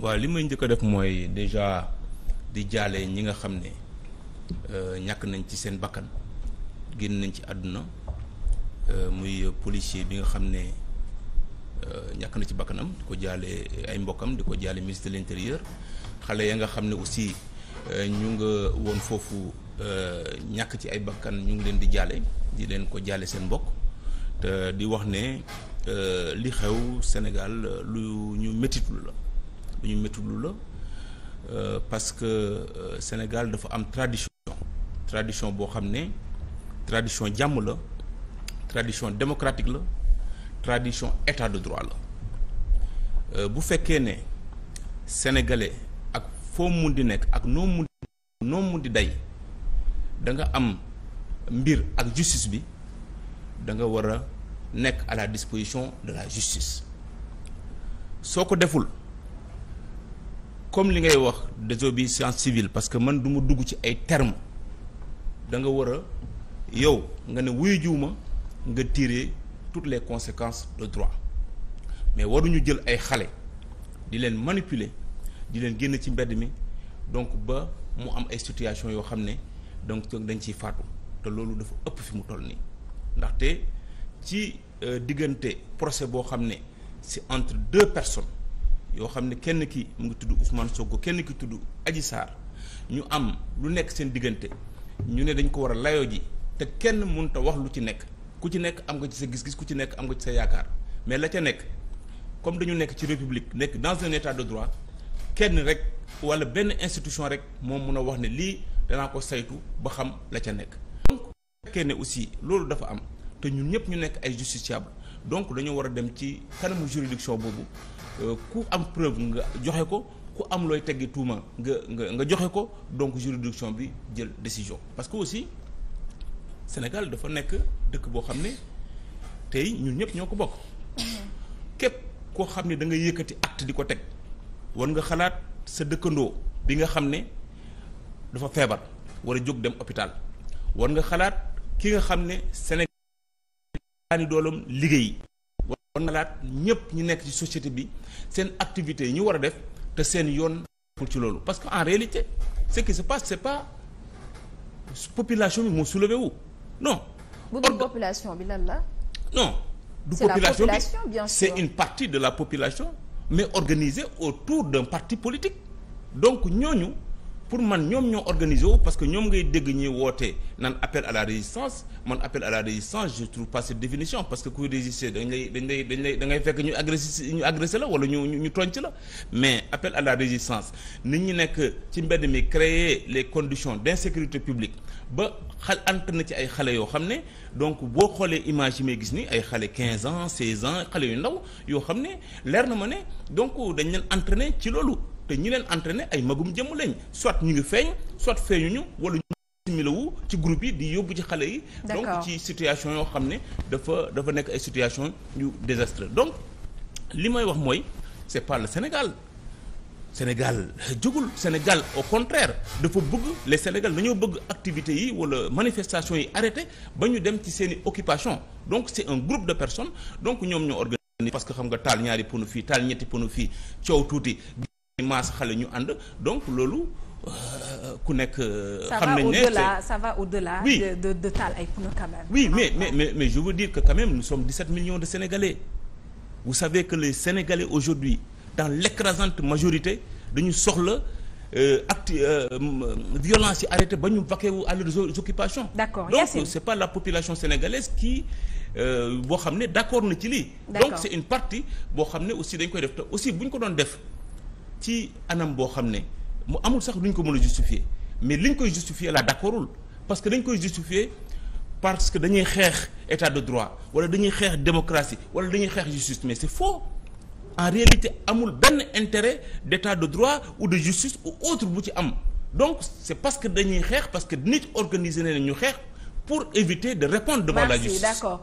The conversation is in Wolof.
waaw li may njëkk a def mooy déjà di jaale ñi nga xam ne euh, ñàkk nañ ci seen bakkan génn nañ ci àdduna euh, muy policier bi nga xam ne euh, ñàkk na ci bakkanam di ko jaale ay mbokkam di ko jaale ministre de l'intérieur xale ya nga xam ne aussi ñu nga woon foofu ñàkk ci ay bakkan ñu ngi leen di jaale di leen ko jaale seen mbokk te di wax ne li xew Sénégal lu ñu métitlu la lu ñu méttulu la euh, parce que euh, Sénégal dafa am tradition tradition boo xam ne tradition jàmm la tradition démocratique la tradition état de droit la euh, bu fekkee ne sénégalais ak foo mun di nekk ak noo mun di day da nga am mbir ak justice bi da nga war a nekk à la disposition de la justice soo ko deful comme li ngay wax désobéissance civile parce que man du ma dugg ci ay termes da nga war a yow nga ne wuyu ma nga tiire toutes les conséquences de droit mais waruñu jël ay xale di leen manipuler di leen génn ci mbedd mi donc ba mu am ay situation yoo xam ne donc dañ ciy faatu te loolu dafa ëpp fi mu toll nii ndaxte ci euh, diggante procès boo xam ne c'est entre deux personnes yoo xam ne kenn ki mu ngi tudd Ousmane Sonko kenn ki tudd aji Sarr ñu am lu nekk seen diggante ñu ne dañ ko war a layoo ji te kenn mun a wax lu ci nekk ku ci nekk am nga ci sa gis-gis ku ci nekk am nga ci sa yaakaar mais la ca nekk comme dañu nekk ci république nekk dans un état de droit kenn rek wala benn institution rek moom mun a wax ne lii danaa ko saytu ba xam la ca nekk. donc fekkee ne aussi loolu dafa am te ñun ñëpp ñu nekk ay justiciable donc dañoo war a dem ci kanamu juridiction boobu. Euh, ku am preuve nga joxe ko ku am looy teggi tuuma nga nga nga joxe ko donc juridiction bi jël décision parce que aussi Sénégal dafa nekk dëkk boo xam ne tey ñun ñëpp ñoo ko bokk képp koo xam ne da nga yëkkati att di ko teg war nga xalaat sa dëkkandoo bi nga xam ne dafa feebar war a jóg dem hôpital war nga xalaat ki nga xam ne Sénégal daani doolam liggéey kon laat ñëpp ñu nekk ci société bi seen activité yi ñu war a def te seen yoon pour ci loolu parce que en réalité ce qui se passe c'est pas population bi moo soulevé wu non. bu dul population bi lan la. non du population bi c'est la une partie de la population mais organisée autour de parti politique donc ñooñu. pour man ñoom ñoo organisé wu parce que ñoom ngay dégg ñuy wootee naan appel à la résistance man appel à la résistance je trouve pas cette définition parce que kuy résister dañ lay dañ lay dañ lay da ngay fekk ñu agressé ñu agressé la wala ñu ñu tonc la mais appel à la résistance nit ñi nekk ci mbedd mi créer les conditions d'insécurité publique ba xal ant na ci ay xale yoo xam ne donc boo xoolee image yi may gis ni ay xale 15 ans 16 ans xale yu ndaw yoo xam ne leer na ma ne donc dañ leen entraîner ci loolu te ñi leen entraîné ay magum jëmm lañ soit ñu ngi feeñ soit feeñuñu wala ñu assimilé wu ci groupe yi di yóbbu ci xale yi donc ci situation yoo xam ne dafa dafa nekk ay situation yu désastre donc li may wax mooy c'est pas le Sénégal Sénégal jógul Sénégal au contraire dafa bëgg les Sénégal dañoo bëgg activité yi wala manifestations yi arrêté ba ñu dem ci seeni occupation donc c'est un groupe de personnes donc ñoom ñoo organisé parce que xam nga taal ñaari pono fii taal ñetti pono fii masse xale ñu ànd donc loolu euh, ku nekk euh, xam nañ ne ça va au de la de taal ay pneus quand même oui mais mais mais mais je veux dire que quand même nous sommes 17 millions de Sénégalais vous savez que les Sénégalais aujourd'hui dans l'écrasante majorité dañu soxla euh, acte violence yi arrêté ba ñu vaquer wu à leurs occupations d'accord donc c'est pas la population sénégalaise qui boo xam ne d'accord na ci lii donc c'est une partie boo xam ne aussi dañ koy def te aussi bu ñu ko doon def ci anam boo xam ne mu amul sax lu ñu ko mën a justifier mais li ñu koy justifier la d'accordul parce que dañ koy justifier parce que dañuy xeex état de droit wala dañuy xeex démocratie wala dañuy xeex justice mais c'est faux en réalité amul benn intérêt d'état de droit ou de justice ou autre bu ci am donc c'est parce que dañuy xeex parce que nit organiser organisé nañu xeex pour éviter de répondre de Merci, la justice d'accord